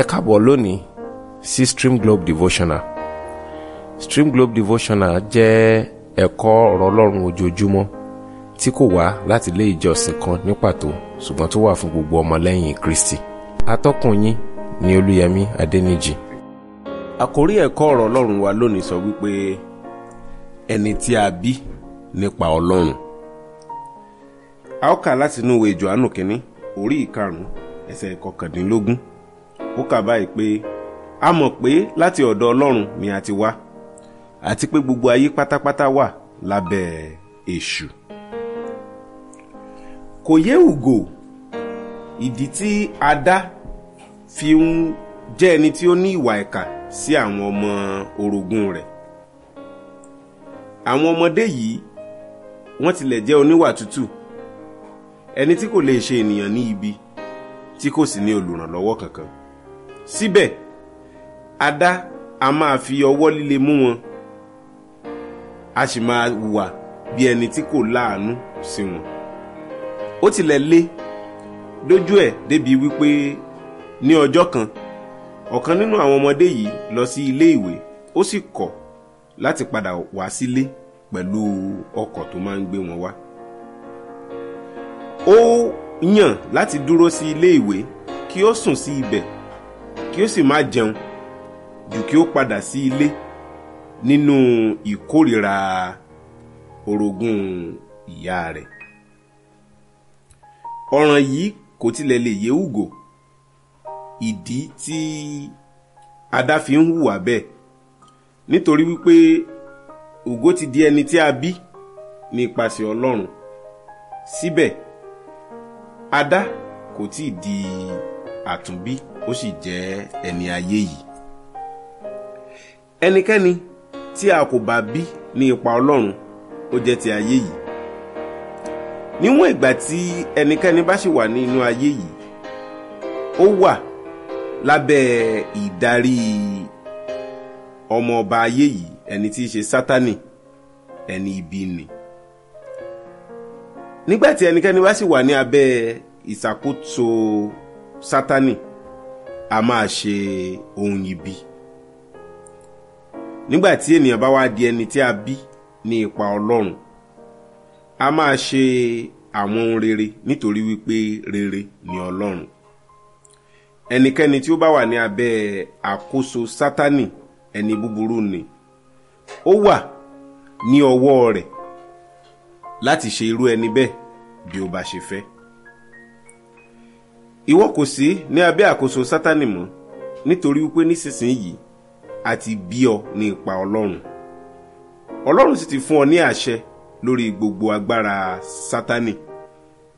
ẹ káàbọ̀ lónìí sí Stream Globe Devotional Stream Globe Devotional jẹ́ ẹ̀kọ́ ọ̀rọ̀ ọlọ́run ojoojúmọ́ tí kò wá láti ilé ìjọsìn kan ní pàtó ṣùgbọ́n tó wà fún gbogbo ọmọlẹ́yìn Kristi atọ́kùn yín ni Olúyẹmí Adẹ́nìjì. àkórí ẹ̀kọ́ ọ̀rọ̀ ọlọ́run wa lónìí sọ wípé ẹni tí a bí nípa ọlọ́run a ó kà látinú ìwé Jòhánù kínní orí ìkarùn-ún ẹsẹ̀ ìkọkàndínlógún ó kà báyìí pé a mọ̀ pé láti ọ̀dọ̀ ọlọ́run ni a ti wá àti pé gbogbo ayé pátápátá wà lábẹ́ èṣù. kò yé Ugo ìdí tí Ada fi ń jẹ́ ẹni tí ó ní ìwà ẹ̀ka sí àwọn ọmọ orogún rẹ̀ àwọn ọmọdé yìí wọ́n tilẹ̀ jẹ́ oníwà tútù ẹni tí kò lè ṣe ènìyàn ní ibi tí kò sì ní olùrànlọ́wọ́ kankan síbẹ̀ adá a máa fi ọwọ́ líle mú wọn a sì máa hùwà bí ẹni tí kò láàánú sí wọn ó tilẹ̀ lé dójú ẹ̀ débi wípé ní ọjọ́ kan ọ̀kan nínú àwọn ọmọdé yìí lọ sí ilé ìwé ó sì kọ̀ láti padà wá sílé pẹ̀lú ọkọ̀ tó máa ń gbé wọn wá ó yàn láti dúró sí ilé ìwé kí ó sùn sí ibẹ̀ kí ó sì má jẹun jù kí ó padà sí ilé nínú ìkórìíra orogún ìyá rẹ̀ ọ̀ràn yìí kò tilẹ̀ lè yé Hugo ìdí tí Ada fi ń hùwà bẹ́ẹ̀ nítorí wípé Hugo ti di ẹni tí a bí nípasẹ̀ Ọlọ́run síbẹ̀ Ada kò tíì di àtúnbí ó sì jẹ́ ẹni ayé yìí. ẹnikẹ́ni tí a kò bá bí ní ipa Ọlọ́run ó jẹ́ ti ayé yìí. níwọ̀n ìgbà tí ẹnikẹ́ni bá sì wà ní inú ayé yìí ó wà lábẹ́ ìdarí ọmọ ayé yìí ẹni tí í ṣe Sátánì ẹni ibi ni. nígbà tí ẹnikẹ́ni bá sì wà ní abẹ́ ìṣàkóso Sátánì a máa ṣe ohun ibi nígbà ènìyàn bá wá di ẹni tí a bí ní ipa Ọlọ́run a máa ṣe àwọn ohun rere nítorí wípé rere ni Ọlọ́run ẹnikẹ́ni tí ó bá wà ní abẹ́ àkóso Sátánì ẹni búburú ni ó wà ní ọwọ́ rẹ̀ láti ṣe irú ẹni bẹ́ẹ̀ bí ó bá ṣe fẹ́ ìwọ kò sí ní abẹ́ àkóso sátánì mọ́ nítorí wípé nísinsìnyí àti bí ọ ní ipa ọlọ́run ọlọ́run sì ti fún ọ ní àṣẹ lórí gbogbo agbára sátánì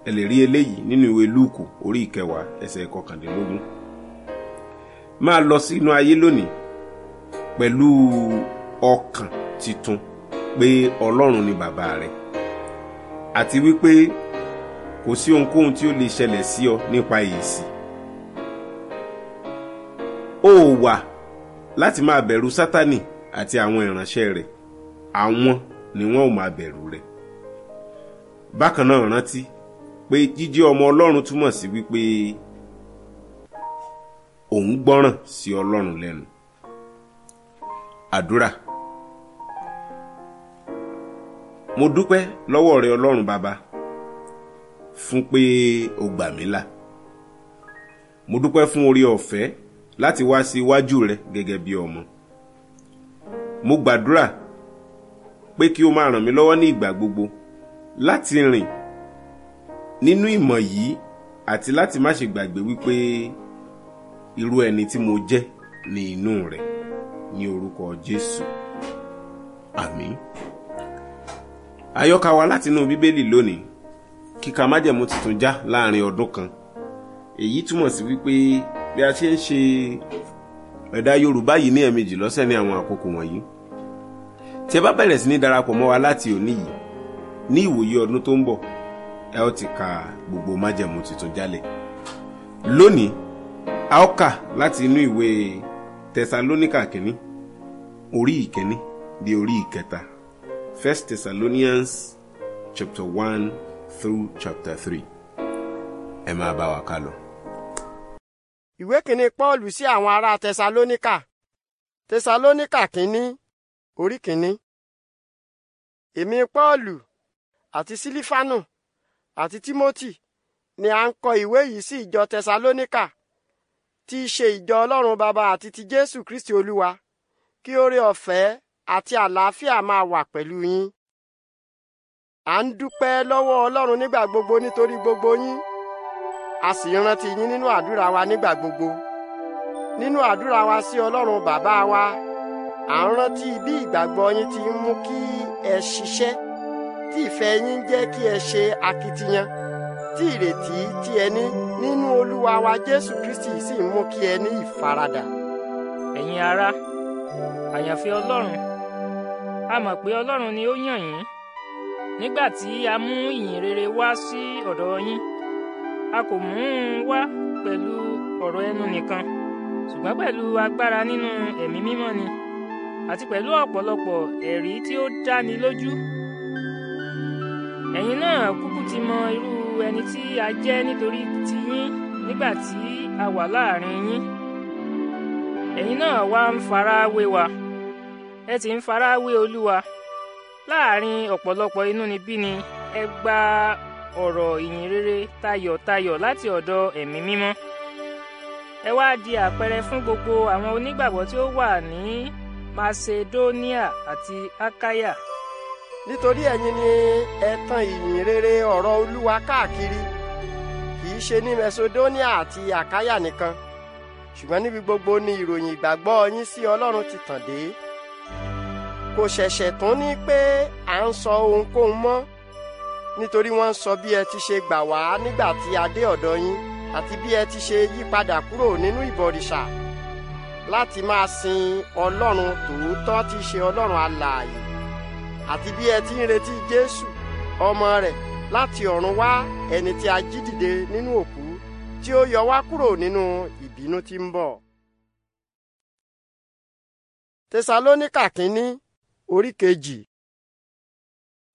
ẹ lè rí eléyìí nínú ìwé lúùkù orí ìkẹwàá ẹsẹ̀ kọkàndínlógún máa lọ sínú ayé lónìí pẹ̀lú ọkàn titun pé ọlọ́run ni bàbá rẹ àti wípé kò sí ohunkóhun tí ó lè ṣẹlẹ̀ sí ọ nípa èsì. ó wà láti máa bẹ̀rù sátánì àti àwọn ìránṣẹ́ rẹ̀ àwọn ni wọn ò máa bẹ̀rù rẹ̀. bákan náà rántí pé jíjẹ́ ọmọ ọlọ́run túmọ̀ sí wípé òun gbọ́ràn sí ọlọ́run lẹ́nu. àdúrà mo dúpẹ́ lọ́wọ́ rẹ ọlọ́run bàbá fún pé o gbà mí là mo dúpẹ́ fún orí ọ̀fẹ́ láti wá sí iwájú rẹ gẹ́gẹ́ bí ọmọ mo gbàdúrà pé kí o máa ràn mí lọ́wọ́ ní ìgbà gbogbo láti rìn nínú ìmọ̀ yìí àti láti má ṣe gbàgbé wípé irú ẹni tí mo jẹ́ ní inú rẹ ní orúkọ Jésù àmín àyọkà wa látinú bíbélì lónìí kíka májẹ̀mú tuntun já láàrin ọdún kan èyí túmọ̀ sí wípé bí a ṣe ń ṣe ẹ̀dà Yorùbá yìí ní ẹ̀ẹ̀mejì lọ́sẹ̀ ní àwọn àkókò wọ̀nyí tí ẹ bá bẹ̀rẹ̀ sí ní darapọ̀ mọ́ wa láti òní yìí ní ìwòye ọdún tó ń bọ̀ ẹ ó ti ka gbogbo májẹ̀mú tuntun jálẹ̀ lónìí a ó kà láti inú ìwé Tẹsalóníkà kìíní orí ìkíní di orí ìkẹta First Thessalonians chapter one through chapter three ẹ máa bá wa ká lọ. ìwé kìíní Pọ́ọ̀lù sí àwọn ará Tẹsalóníkà Tẹsalóníkà kìíní orí kìíní. èmi Pọ́ọ̀lù àti Sílífánù àti Tímótì ni à ń kọ ìwé yìí sí ìjọ Tẹsalóníkà tí í ṣe ìjọ Ọlọ́run Baba àti ti Jésù Kristi Olúwa kí oore ọ̀fẹ́ àti àlàáfíà máa wà pẹ̀lú yín à ń dúpẹ́ lọ́wọ́ Ọlọ́run nígbà gbogbo nítorí gbogbo yín a sì rántí yín nínú àdúrà wa nígbà gbogbo nínú àdúrà wa sí Ọlọ́run bàbá wa à ń rántí bí ìgbàgbọ́ yín ti ń mú kí ẹ ṣiṣẹ́ tí ìfẹ́ yín jẹ́ kí ẹ ṣe akitiyan tí ìrètí tí ẹ ní nínú Olúwa wa Jésù Kristi sì mú kí ẹ ní ìfaradà. ẹ̀yin ará àyànfẹ́ Ọlọ́run a mọ̀ pé Ọlọ́run ni ó yàn yín nígbà tí a mú ìyìn rere wá sí ọ̀dọ̀ yín a kò mú un wá pẹ̀lú ọ̀rọ̀ ẹnu nìkan ṣùgbọ́n pẹ̀lú agbára nínú ẹ̀mí mímọ́ ni àti pẹ̀lú ọ̀pọ̀lọpọ̀ ẹ̀rí tí ó dáni lójú ẹ̀yin náà kúkú ti mọ irú ẹni tí a jẹ́ nítorí ti yín nígbà tí a wà láàrin yín ẹ̀yin náà wá ń fara wé wa ẹ ti ń fara wé olúwa láàrin ọ̀pọ̀lọpọ̀ inúnibíni ẹ gba ọ̀rọ̀ ìyìn rere tayọ̀tayọ̀ láti ọ̀dọ̀ ẹ̀mí mímọ́ ẹ wá di àpẹẹrẹ fún gbogbo àwọn onígbàgbọ́ tí ó wà ní macedonia àti akaya. nítorí ẹ̀yin ni ẹ tan ìyìn rere ọ̀rọ̀ olúwa káàkiri kì í ṣe ní macedonia àti akaya nìkan ṣùgbọ́n níbi gbogbo ni ìròyìn ìgbàgbọ́ yín sí ọlọ́run ti tàn dé kò ṣẹ̀ṣẹ̀ tún ní pé à ń sọ ohunkóhun mọ́ nítorí wọ́n ń sọ bí ẹ ti ṣe gbà wá nígbà tí a dé ọ̀dọ̀ yín àti bí ẹ ti ṣe yí padà kúrò nínú ìbọ̀rìṣà láti máa sin ọlọ́run tòótọ́ tí í ṣe ọlọ́run alààyè àti bí ẹ ti ń retí Jésù ọmọ rẹ̀ láti ọ̀run wá ẹni tí a jí dìde nínú òkú tí ó yọ wá kúrò nínú ìbínú tí ń bọ̀. Tẹsalóníkà kínní orí kejì.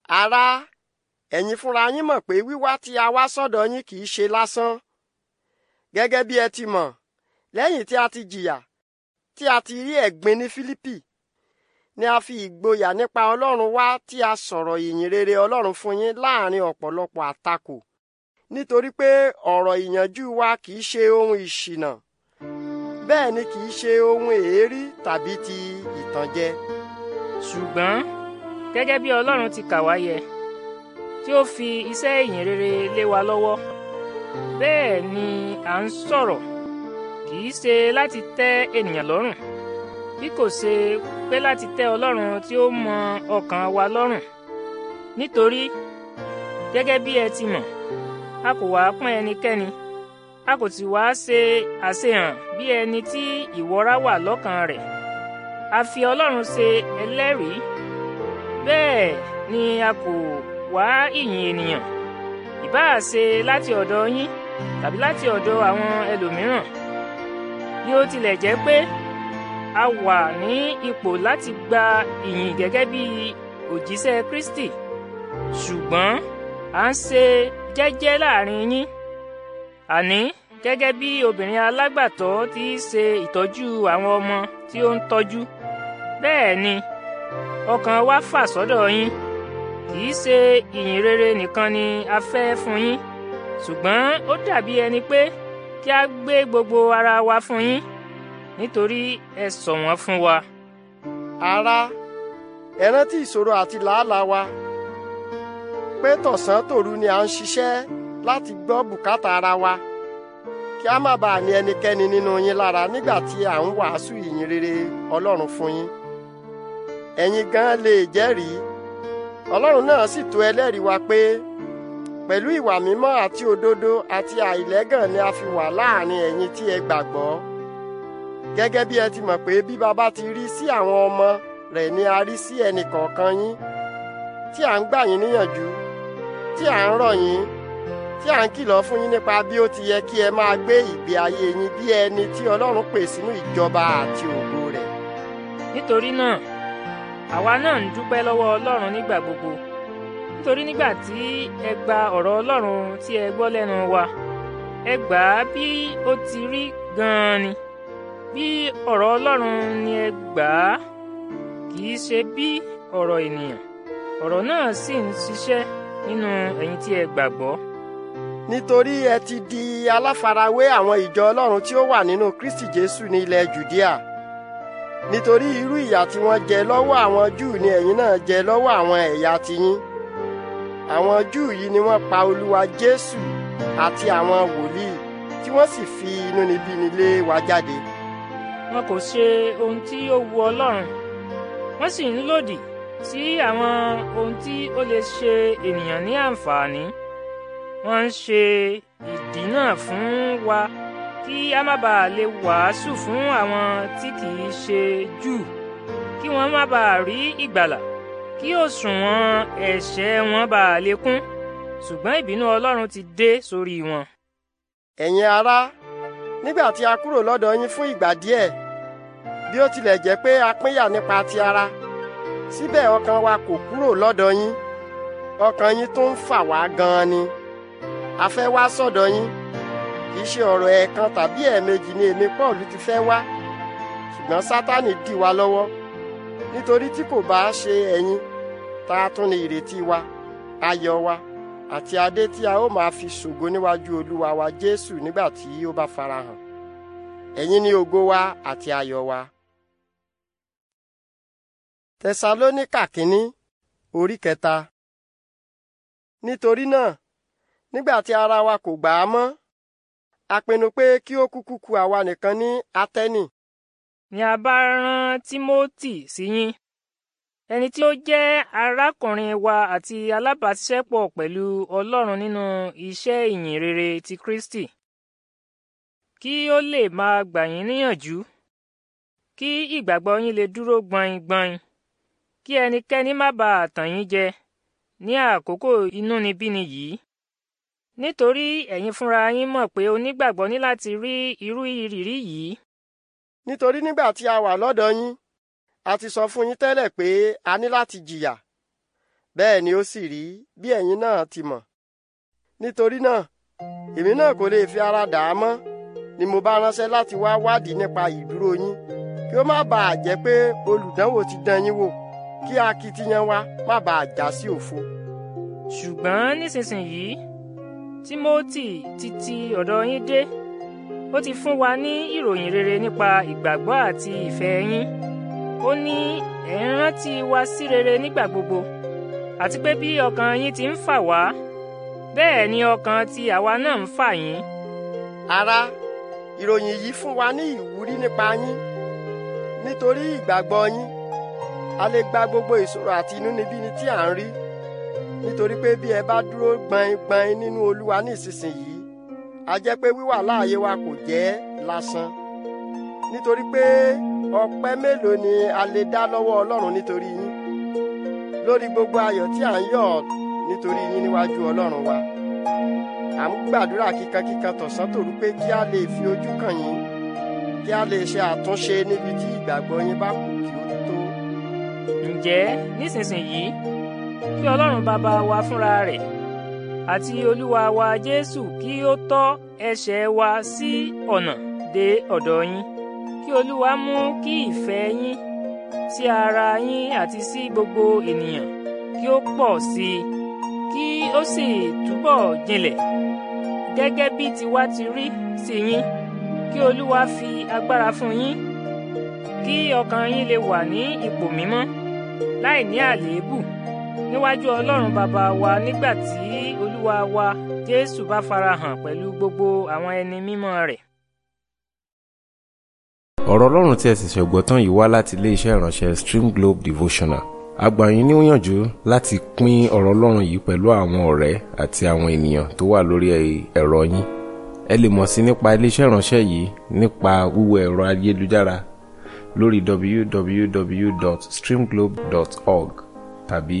ará ẹ̀yin fúnra yín mọ̀ pé wíwá tí a wá sọ́dọ̀ yín kì í ṣe lásán gẹ́gẹ́ bí ẹ ti mọ̀ lẹ́yìn tí a ti jìyà tí a ti rí ẹ̀gbin ní Fílípì ni a fi ìgboyà nípa Ọlọ́run wá tí a sọ̀rọ̀ ìyìn Ọlọ́run fún yín láàrin ọ̀pọ̀lọpọ̀ àtakò nítorí pé ọ̀rọ̀ ìyànjú wa kì í ṣe ohun ìṣìnà bẹ́ẹ̀ ni kì í ṣe ohun èérí tàbí ti ìtànjẹ ṣùgbọ́n gẹ́gẹ́ bí Ọlọ́run ti kà wá yẹ tí ó fi iṣẹ́ ìyìn rere lé wa lọ́wọ́ bẹ́ẹ̀ ni à ń sọ̀rọ̀ kì í ṣe láti tẹ́ ènìyàn lọ́rùn bí kò ṣe pé láti tẹ́ Ọlọ́run tí ó mọ ọkàn wa lọ́rùn nítorí gẹ́gẹ́ bí ẹ ti mọ̀ a kò wá pọ́n ẹnikẹ́ni a kò sì wá ṣe àṣehàn bí ẹni tí ìwọra wà lọ́kàn rẹ̀ a fi Ọlọ́run ṣe ẹlẹ́rìí bẹ́ẹ̀ ni a kò wá ìyìn ènìyàn ìbáà ṣe láti ọ̀dọ̀ yín tàbí láti ọ̀dọ̀ àwọn ẹlòmíràn bí ó tilẹ̀ jẹ́ pé a wà ní ipò láti gba ìyìn gẹ́gẹ́ bí òjíṣẹ́ Kristi ṣùgbọ́n à ń ṣe jẹ́jẹ́ láàrin yín àní gẹ́gẹ́ bí obìnrin alágbàtọ́ ti ṣe ìtọ́jú àwọn ọmọ tí ó ń tọ́jú bẹ́ẹ̀ ni ọkàn wa fà sọ́dọ̀ yín kì í ṣe ìyìn rere nìkan ni a fẹ́ fún yín ṣùgbọ́n ó dàbí ẹni pé kí a gbé gbogbo ara wa fún yín nítorí ẹ ṣọ̀wọ́n fún wa. ará ẹ rántí ìṣòro àti làálàá wa pé tọ̀sán tòru ni à ń ṣiṣẹ́ láti gbọ́ bùkátà ara wa kí a má bàa ní ẹnikẹ́ni nínú yín lára nígbà tí à ń wàásù ìyìn rere Ọlọ́run fún yín ẹ̀yin gan lè jẹ́rìí Ọlọ́run náà sì tó ẹlẹ́rìí wa pé pẹ̀lú ìwà mímọ́ àti òdodo àti àìlẹ́gàn ni a fi wà láàrin ẹ̀yin tí ẹ gbàgbọ́ gẹ́gẹ́ bí ẹ ti mọ̀ pé bí baba ti rí sí àwọn ọmọ rẹ̀ ni a rí sí ẹnìkọ̀ọ̀kan yín tí à ń gbà yín níyànjú tí à ń rọ̀ yín tí à ń kìlọ̀ fún yín nípa bí ó ti yẹ kí ẹ máa gbé ìgbé ayé yín bí ẹni tí Ọlọ́run pè sínú ìjọba àti ògo rẹ̀. nítorí náà àwa náà ń dúpẹ́ lọ́wọ́ Ọlọ́run nígbà gbogbo nítorí nígbà tí ẹ gba ọ̀rọ̀ Ọlọ́run tí ẹ gbọ́ lẹ́nu wa ẹ gbà á bí ó ti rí gan-an ni bí ọ̀rọ̀ Ọlọ́run ni ẹ gbà á kì í ṣe bí ọ̀rọ̀ ènìyàn ọ̀rọ̀ náà sì ń ṣiṣẹ́ nínú ẹ̀yin tí ẹ gbàgbọ́ nítorí ẹ ti di aláfarawé àwọn ìjọ Ọlọ́run tí ó wà nínú Kristi Jésù ní ilẹ̀ Jùdíà nítorí irú ìyà tí wọ́n jẹ lọ́wọ́ àwọn Júù ni ẹ̀yin náà jẹ lọ́wọ́ àwọn ẹ̀yà tiyín àwọn Júù yìí ni wọ́n pa Olúwa Jésù àti àwọn wòlíì tí wọ́n sì fi inúnibíni lé wa jáde. wọn kò ṣe ohun tí ó wu Ọlọ́run wọ́n sì ń lòdì sí àwọn ohun tí ó lè ṣe ènìyàn ní àǹfààní wọ́n ń ṣe ìdínà fún wa kí a má bàa lè wàásù fún àwọn tí kì í ṣe Júù kí wọ́n má bàa rí ìgbàlà kí òṣùwọ̀n ẹ̀ṣẹ̀ wọn bàa lè kún ṣùgbọ́n ìbínú Ọlọ́run ti dé sórí wọn. ẹ̀yin ará nígbà tí a kúrò lọ́dọ̀ yín fún ìgbà díẹ̀ bí ó tilẹ̀ jẹ́ pé a pínyà nípa ti ara síbẹ̀ ọkàn wa kò kúrò lọ́dọ̀ yín ọkàn yín tó ń fà wá gan-an ni a fẹ́ wá sọ́dọ̀ yín kì í ṣe ọ̀rọ̀ ẹ̀ẹ̀kan tàbí ẹ̀ẹ̀mejì ni èmi Pọ́ọ̀lù ti fẹ́ wá ṣùgbọ́n Sátánì dì wá lọ́wọ́ nítorí tí kò bá ṣe ẹ̀yin ta tún ni ìrètí wa ayọ̀ wa àti adé tí a ó máa fi ṣògo níwájú Olúwa wa Jésù nígbà tí ó bá farahàn ẹ̀yin ni ògo wa àti ayọ̀ wa. Tẹsalóníkà kínní orí kẹta. Nítorí náà nígbà tí ara wa kò gbà á mọ́ a pinnu pé kí ó kúkú kù àwa nìkan ní Atẹ́nì. ni a bá rán Tímótì sí yín ẹni tí ó jẹ́ arákùnrin wa àti alábàáṣiṣẹ́pọ̀ pẹ̀lú Ọlọ́run nínú iṣẹ́ ìyìn rere ti Kristi kí ó lè máa gbà yín níyànjú kí ìgbàgbọ́ yín lè dúró gbọ̀nyìngbọ̀nyìn kí ẹnikẹ́ni má bàa tàn yín jẹ ní àkókò inúnibíni yìí nítorí ẹ̀yin fúnra yín mọ̀ pé onígbàgbọ́ ní láti rí irú ìrírí yìí. nítorí nígbà tí a wà lọ́dọ̀ yín a ti sọ fún yín tẹ́lẹ̀ pé a ní láti jìyà bẹ́ẹ̀ ni ó sì rí bí ẹ̀yin náà ti mọ̀ nítorí náà èmi náà kò lè fi ara dà mọ́ ni mo bá ránṣẹ́ láti wá wádìí nípa ìdúró yín kí ó má bàa jẹ́ pé olùdánwò ti dán yín wò kí akitiyan wa má bàa já sí òfo. ṣùgbọ́n nísinsìnyí Tímótì ti ti ọ̀dọ̀ yín dé ó ti fún wa ní ìròyìn rere nípa ìgbàgbọ́ àti ìfẹ́ yín ó ní ẹ̀ ń rántí wa sí rere nígbà gbogbo àti pé bí ọkàn yín ti ń fà wá bẹ́ẹ̀ ni ọkàn ti àwa náà ń fà yín. ará ìròyìn yìí fún wa ní ìwúrí nípa yín nítorí ìgbàgbọ́ yín a lè gba gbogbo ìṣòro àti inúnibíni tí à ń rí nítorí pé bí ẹ bá dúró gbaingbain nínú olúwa ní ìsinsìnyí a jẹ́ pé wíwà láàyè wa kò jẹ́ lásán nítorí pé ọpẹ́ mélòó ni a lè dá lọ́wọ́ ọlọ́run nítorí yín lórí gbogbo ayọ̀ tí à ń yọ̀ nítorí yín níwájú ọlọ́run wa à ń gbàdúrà kíkankíkan tọ̀sán tòru pé kí a lè fi ojú kàn yín kí a lè ṣe àtúnṣe níbi tí ìgbàgbọ́ yín bá kù kí ó tó. ǹjẹ́ nísinsìnyí kí ọlọ́run bàbá wa fúnra rẹ̀ àti olúwa wa jésù kí ó tọ́ ẹsẹ̀ wa sí ọ̀nà dé ọ̀dọ̀ yín kí olúwa mú kí ìfẹ́ yín sí ara yín àti sí gbogbo ènìyàn kí ó pọ̀ sí i kí ó sì túbọ̀ jinlẹ̀ gẹ́gẹ́ bí tiwa ti rí sí yín kí olúwa fi agbára fún yín kí ọkàn yín lè wà ní ipò mímọ́ láì ní àléébù níwájú ọlọ́run bàbá wa nígbà tí olúwa wa jésù bá farahàn pẹ̀lú gbogbo àwọn ẹni mímọ́ rẹ̀. ọ̀rọ̀ ọlọ́run tí ẹ sì ṣẹ̀gbọ́ tán yìí wá láti iléeṣẹ́ ìránṣẹ́ stream globe devotional a gbà yín níyànjú láti pín ọ̀rọ̀ ọlọ́run yìí pẹ̀lú àwọn ọ̀rẹ́ àti àwọn ènìyàn tó wà lórí ẹ̀rọ yín ẹ lè mọ̀ sí nípa iléeṣẹ́ ìránṣẹ́ yìí nípa wíwọ ẹ̀rọ ayélujára lórí www.streamglobe.org tàbí